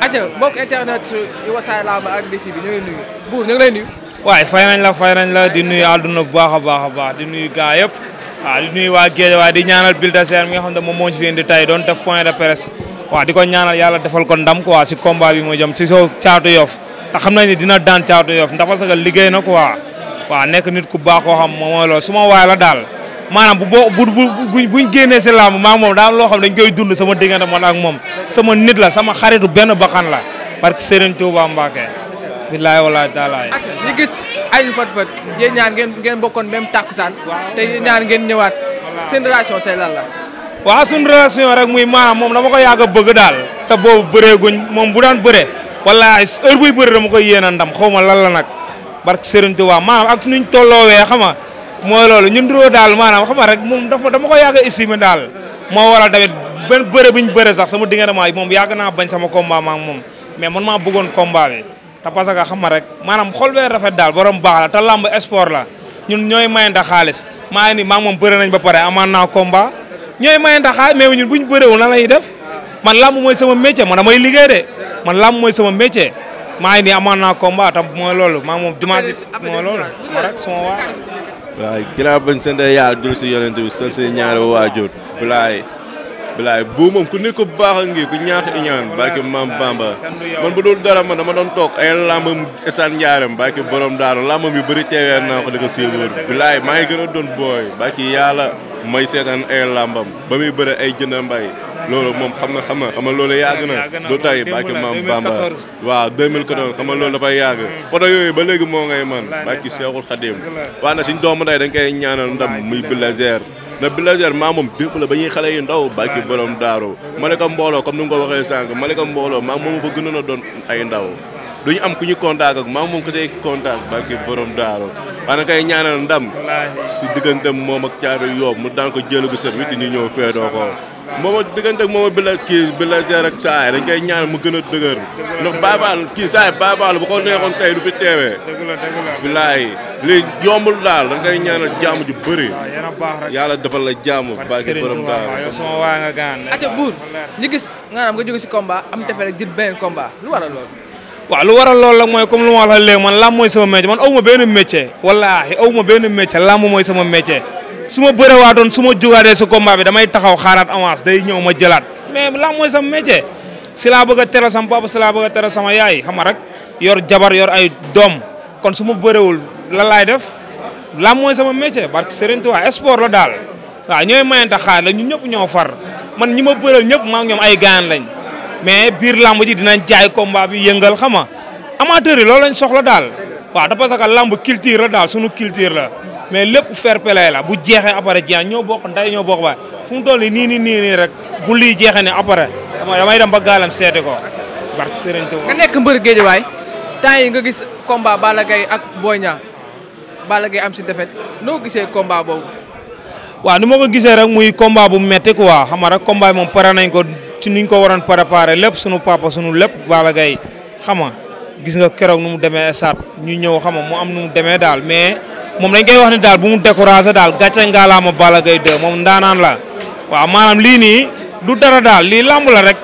acca mbokk internet yu Wassare Lamb ak Lutte TV ñu buur ñu ngi lay nuyu. waaye nañ la fay nañ la di nuyu àdduna bu baax a baax a baax di nuyu gaa yëpp waaw di nuyu waa Géej waa di ñaanal Bill Dassène mi nga xam ne moom moo ñu fi indi tey doon def point de presse waaw di ko ñaanal yàlla defal ko ndam quoi si combat bi moo jëm si soo caatu yof te xam nañ ne dina daan caatu yof ndax parce liggéey na quoi waaw nekk nit ku baax koo xam moom su ma waay la daal maanaam bu boo bu bu buñ génnee si làmb maa moom daa am loo xam dañ koy dund sama diggante man ak moom sama nit la sama xaritu benn bakkan la parce que Serigne Touba Mbacké billaahi wallaahi taalaay ñu gis Alioune Fat Fat yéen ñaar ngeen ngeen bokkoon même tàkkusaan te yéen ñaar ngeen ñëwaat seen relation te lan la waaw suñ relation rek muy maanaam moom dama ko yàgg a bëgg daal te boobu guñ moom bu daan bëre wallaahi heure buy bëri dama koy yéen a ndam xaw ma lan la nag barke Serigne Touba maanaam ak nuñ tolloowee xama mooy loolu ñun Nduro daal maanaam xam nga rek moom dafa ko a estimé daal moo waral tamit benn bëre bu ñu bëre sax sama diggante moom yàgg naa sama combat ma moom mais man maa bëggoon combat bi te parce que xam nga rek maanaam xol rafet daal borom baax la te làmb sport la ñun ñooy mayante xaalis maa ni maa moom bëre nañ ba pare amaan naa combat ñooy mayante xaalis mais ñun bu ñu bërewul lan la ñuy def man làmb mooy sama métier man damay liggéey de man làmb sama métier maa ngi ni amaan naa combat te mooy loolu maa moom dimanche mooy loolu ma rek sama waa waaye ginnaaw bañ sant yàlla jul si yonent bi sant si ñaari waajur bilaay bilaay bu ku nit ku baax a ngi ku ñaax iñaan barke maam Bamba man bu dul dara man dama doon toog ay lambam esaan njaaram barke borom daaru lambam yu bëri teewee naa ko di ko bilaay maa ngi gën a doon booy barke yàlla may seetaan ay lambam ba muy bëri ay jënd mbay loolu moom xam xama xam na xam na loolu yàgg na lu tay bàkki maam Bamba waaw 2014 xam na loolu dafay yàgg mm. photo yooyu ba léegi moo ngay man bàkki Seexul Xadim waaye nag suñ doomu day dañ koy ñaanal ndam muy Bulldozer na Bulldozer maa moom bépp la ba ñuy xale yu ndaw bàkki borom daaru Malika mbooloo comme ni nga ko waxee sànq Malika mbooloo maa moom fa gënoon a doon ay ndaw duñu am ku ñu contact ak maa moom ko say contact bàkki borom daaru xanaa kay ñaanal ndam ci digganteem moom ak caaru yoob mu daan ko jël gu set wi ñu ñëw feedoo ko mooma diggante ak mooma bi la kii bila la seer ak saay dañ koy ñaan mu gën a dëgër ndax baabaal kii saay baabaal bu ko neexoon tey du fi teewee bilaay lii yombul daal dañ koy ñaanal a ju bëri yàlla defal la jàmm bagi borom daal acca buur ñu gis nga naam nga jóge si combat am defe rek jël beneen combat lu waral loolu waaw lu waral loolu nag mooy comme lu ma wax la léegi sama métier man aw ma benn métier wallaahi aw ma benn métier lam mooy sama métier su ma bërewaatoon su ma jugaatee si combat bi damay taxaw xaaraat avance day ñëw ma jëlaat mais lan mooy sama métier si laa bëgg a tere sama papa si laa bëgg a tere sama yaay xam rek yor jabar yor ay doom kon su ma bërewul la laay def lan mooy sama métier barke Serigne Touba sport la daal waaw ñooy mayante xaar la ñun ñëpp ñoo far man ñi ma bëreel ñëpp maa ngi ñoom ay gaan lañ mais biir lamb ji dinañ jaay combat bi yëngal xama amateur yi loolu lañ soxla daal waaw da parce la daal sunu culture la mais lépp fair play la bu jeexee après jeex ñoo bokk nday ñoo bokk baay fu mu toll nii nii nii nii rek bu lii jeexe ne après damay dem ba gaalam seeti ko barke Sëriñ Tuubaa nga nekk mbër waay temps yi nga gis combat Balla Gaye ak Boy Niang Balla Gaye am si defet noo gisee combat boobu. waa nu ma ko gisee rek muy combat bu metti quoi xam nga rek combat yi moom pare nañ ko ci niñ ko waroon préparé lépp sunu papa sunu lépp Balla Gaye xam nga gis nga keroog nu mu demee stade ñu ñëw xam mu am nu mu demee daal mais. moom dañ koy wax ne daal bu mu découragé daal gàcce ngaalaama Balla Gaye 2 moom ndaanaan la waaw maanaam lii nii du dara daal lii làmb la rek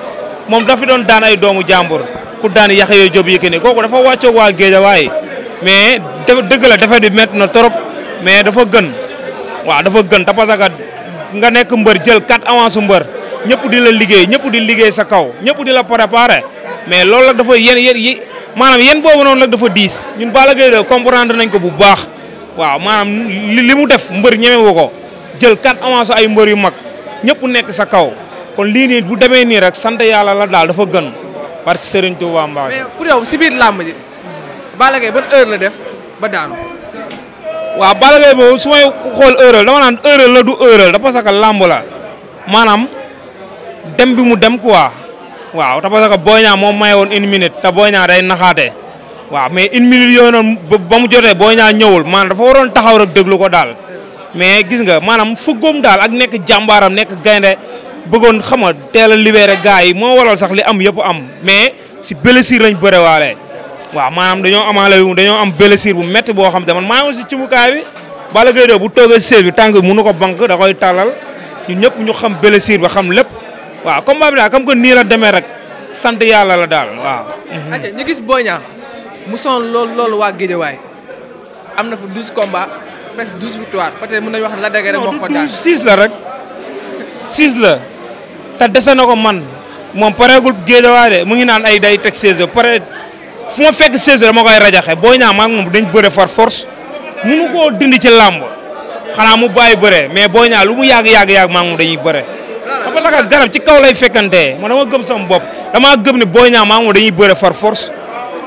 moom dafa doon daan ay doomu jàmbur ku daan yaxe yooyu job yi ne kooku dafa wàccoog waa Géejawaay mais dëgg la defet bi met na trop mais dafa gën waaw dafa gën te parce que nga nekk mbër jël quatre avance mbër ñëpp di la liggéey ñëpp di liggéey sa kaw ñëpp di la préparé mais loolu nag dafa yéen yéen yi maanaam yéen boobu noonu nag dafa diis ñun Balla Gaye nañ ko bu baax waaw maanaam li mu def mbër ñemewu ko jël quatre avance ay mbër yu mag ñëpp nekk sa kaw kon lii nii bu demee nii rek sant yàlla la daal dafa gën parce que Serigne Touba Mbacke. mais si biir làmb ji. Balla Gaye ban heure la def ba daanu. waaw Balla Gaye boobu su may xool heure dama naan heure la du heure da parce que làmb la maanaam dem bi mu dem quoi waaw da parce que Boy moom maye woon une minute te Boy day naxaate waaw mais une minute yooyu noonu ba mu jotee boo ñaa ñëwul maanaam dafa waroon taxaw rek déglu ko daal mais gis nga maanaam fëggoom daal ak nekk jàmbaaram nekk gaynde bëggoon xam nga teel a libéré gars yi moo waral sax li am yëpp am mais si blessure lañ bërewaale waaw maanaam dañoo amaale dañoo am blessure bu métti boo xam te man maa ngi si bi Balla Gaye 2 bu toogee siège bi tànk mënu ko bank da koy tàllal ñu ñëpp ñu xam blessure ba xam lépp waaw combat bi daal comme que la demee rek sant yàlla la daal waaw. ñu gis mu sonn loolu loolu waa Guédiawaay am na fa douze combats presque douze victoires peut mun mën nañu wax la dëgg rek moo ko daan six la rek six la te dese na ko man moom pareegul Guédiawaay de mu ngi naan ay day teg seize heures pare fu ma fekk seize heures ma koy rajaxe boo ñaa maag moom dañ bëre far force mënu koo dindi ci làmb xanaa mu bàyyi bëre mais boo ñaa lu mu yàgg yàgg yàgg maag moom dañuy bëre parce que garab ci kaw lay fekkantee man dama gëm sam bopp damaa gëm ne boo ñaa maag moom dañuy bëre far force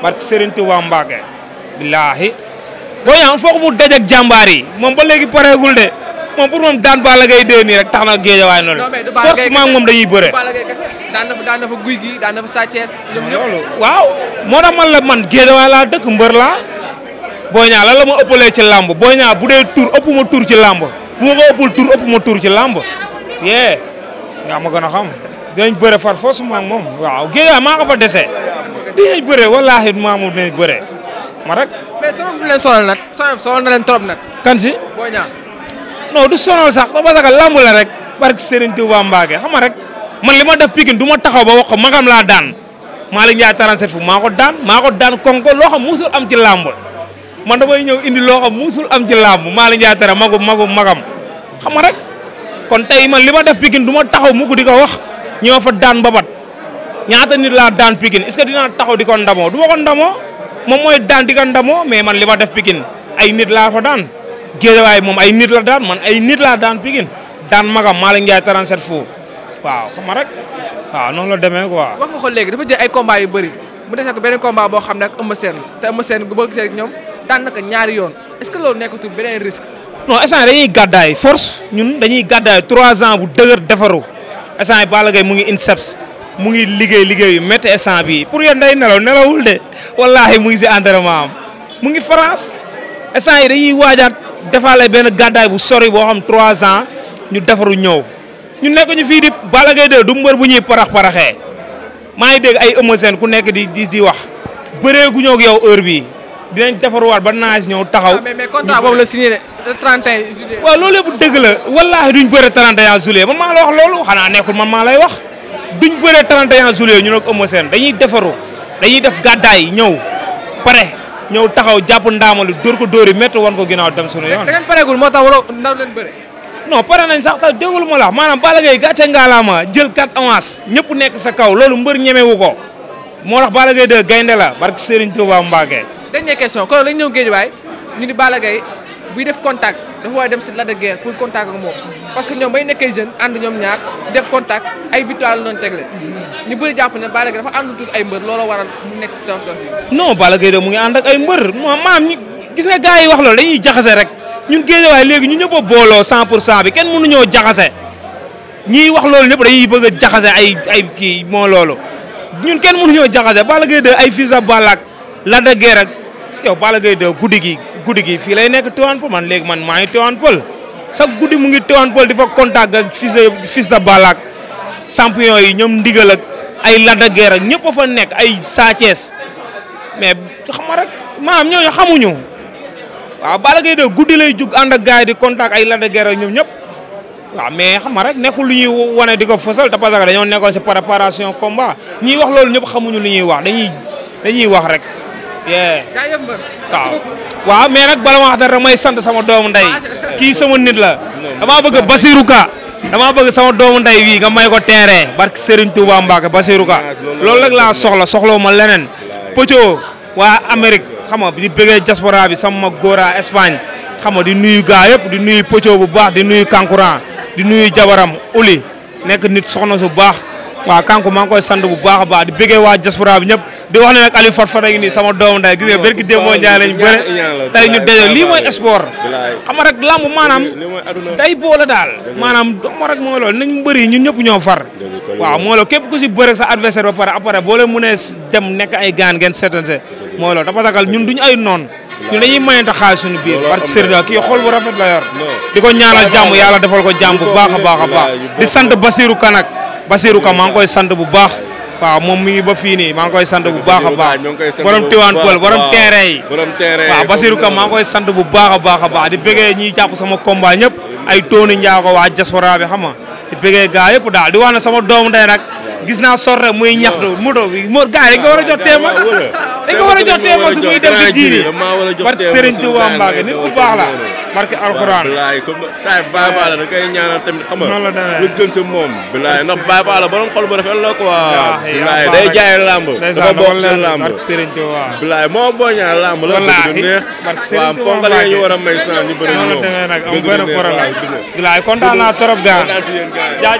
barke Serigne Touba Mbacke billaahi Boy Niang foog mu dajak jàmbaar yi moom ba léegi pareegul de moom pour moom daan Balla Gaye rek tax na géejawaay noonu force maa moom dañuy bëre daan na waaw moo tax man la man géejawaay laa dëkk mbër laa Boy Niang lan la ma ëppalee ci làmb Boy Niang bu dee tur ëpp tur ci làmb bu ma ko ëppul tur ëpp tur ci làmb yee yaa ma a xam dinañ bëre far force moom waaw géejawaay maa ko fa dese dinañ bëre wallaahi maamu dinañ bëre ma rek. mais sonal bu leen sonal nag sonal na leen trop nag. du sonal sax parce que lamb la rek. barke Serigne Touba Mbacke xam nga rek man li ma def Pikine du ma taxaw ba wax ko magam laa daan Malick Ndiaye 37 fu maa ko daan maa ko daan konko loo xam musul am ci lamb man damay ñëw indi loo xam musul am ci lamb Malick Ndiaye tara magu magu magam xam nga rek kon tey man li ma def Pikine du ma taxaw mukk di ko wax ñi ma fa daan babat ñaata nit laa daan Pikine est-ce que dinaa taxaw di ko ndamoo du ma ko ndamoo moom mooy daan di ko ndamoo mais man li ma def Pikine ay nit laa fa daan Guédiawaye moom ay nit la daan man ay nit laa daan Pikine daan magam Malick Ndiaye 37 fou waaw xam nga rek waaw noonu la demee quoi. wax nga ko léegi dafa jël ay combat yu bëri mu dese ko benn combat boo xam ne ak Eumeu Sène te Eumeu Sène bu ma gisee ñoom daan na ñaari yoon est-ce que loolu nekkatul beneen risque. non instant dañuy gàddaay force ñun dañuy gàddaay trois ans bu dëgër defaru instant Balla Gaye mu ngi INSEPS mu ngi liggéey liggéeyu yu métti instant bii pour yéen day nelaw nelawul de wallahi mu ngi si entraînement am mu ngi France instant yi dañuy waajaat defaale benn gàddaay bu sori boo xam trois ans ñu defaru ñëw ñu nekk ñu fii di Balla Gaye 2 du mbër bu ñuy parax paraxee maa ngi dégg ay Eumeu Sène ku nekk di di di wax bëree gu ñëw ak yow heure bii dinañ defaruwaat ba naaj ñëw taxaw. Ah, mais mais contrat la signé le 31 loolu yëpp dëgg la wallaahi duñ bëre 31 juillet man maa la wax loolu xanaa nekkul man maa lay wax. duñ bëree 31 juillet ñu nag Eumeu Sène dañuy defaru dañuy def gàddaay ñëw pare ñëw taxaw jàpp ndaamalu dóor ko dóor yi métti woon ko ginaaw dem suñu yoon. da ngeen moo tax waroo ndaw leen bëre. non pare nañ sax tax déggul ma la maanaam Balla Gaye gàcce ngaalaama jël 4 avance ñëpp nekk sa kaw loolu mbër ñemewu ko moo tax Balla Gaye de gaynde la barke Serigne Touba Mbacké. dernière question kon lañ ñëw géej waay ñu ni Balla buy def contact dafa war dem si la de Guiers pour contact ak moom. parce que ñoom bay nekkee jeune ànd ñoom ñaar def contact ay victoire la doon tegle ñu bëri jàpp ne Balla Gaye dafa ànd tuut ay mbër looloo waral mu nekk si tonton bi. non Balla Gaye de mu ngi ànd ak ay mbër maam gis nga gars yi wax loolu dañuy jaxase rek ñun géejawaay léegi ñu ñëpp a booloo 100 pour cent bi kenn mënuñoo jaxase ñuy wax loolu lépp dañuy bëgg a jaxase ay ay kii moo ñun kenn mënuñoo jaxase Balla Gaye de ay fils à Balla ak Lac de Guiers ak yow Balla Gaye de guddi gi guddi gi fii lay nekk Tivaouane Peulh man léegi man maa ngi Tivaouane Peulh chaque guddi mu ngi Tivaouane Peulh di fa contact ak fils de fils Balla ak champion yi ñoom ndigal ak ay Lac de Guiers ñëpp a fa nekk ay Sa mais xam nga rek maanaam ñooñu xamuñu waaw Balla Gaye de guddi lay jug ànd ak gars di contact ay Lac de Guiers ñoom ñëpp waaw mais xam nga rek nekkul lu ñuy wane di ko fësal te dañoo nekkoon si préparation combat ñiy wax loolu ñëpp xamuñu lu ñuy wax dañuy dañuy wax rek. jaajëf waaw mais rek bala ma wax dara may sant sama doomu ndey. kii sama nit la damaa bëgg Basirou Ka damaa bëgg sama doom ndey wii nga may ko terrain barke Serigne Touba Mbacke Basirou Ka loolu rek laa soxla soxlawu ma leneen pëccoo waa Amérique xam nga di bëggee diaspora bi sama góora Espagne xam nga di nuyu gaa yëpp di nuyu pëccoo bu baax di nuyu Kankuran di nuyu jabaram uli nekk nit soxna su baax waaw kanku maa sant bu baax a baax di bëggee waa diaspora bi ñëpp di wax ne nag Aliou Fat Fat a ngi nii sama doomu nday gis nga bërki démb moo jaay bëre tey ñu mooy sport xam rek lamb maanaam day boole daal maanaam doomu rek mooy loolu nañ bëri ñu ñëpp ñoo far waaw mooy loolu képp ku si bëre sa adversaire ba pare après boo leen mënee dem nekk ay gaan ngeen seetante mooy loolu dafa sagal ñun duñu ay noon ñu dañuy mayante xaalis suñu biir barke Serigne kii xool bu rafet la yor di ko ñaanal jàmm yàlla defal ko jàmm baax a baax a baax Basirou Ka maa ngi koy sant bu baax. waaw moom mi ngi ba fii nii maa ngi koy sant bu baax a baax borom Tiwaan Pël borom terrain yi waaw Basirou Ka maa ngi koy sant bu baax baax a baax di bëggee ñiy jàpp sama combat ñëpp ay tooni njaago waa diaspora bi xam nga di bëggee gaa yëpp daal di wax ne sama doom day nag gis naa sorre muy ñaxtu moto bi moo gars yi dañ ko war a jox teemas dañ ko war a jox teemas muy dem di diine barke Serigne Touba Mbacke nit bu baax la barke alxuraan bilaay comme saa yi Baye Fall da koy ñaanal tamit xam nga lu gën ci moom bilaay ndax Baye Fall borom xol bu rafet la quoi bilaay day jaay làmb dafa bokk ci làmb bilaay moo boñaa làmb la du neex waaw ponk la ñu war a may sang ñu bëri ñoom bilaay kontaan naa trop gaa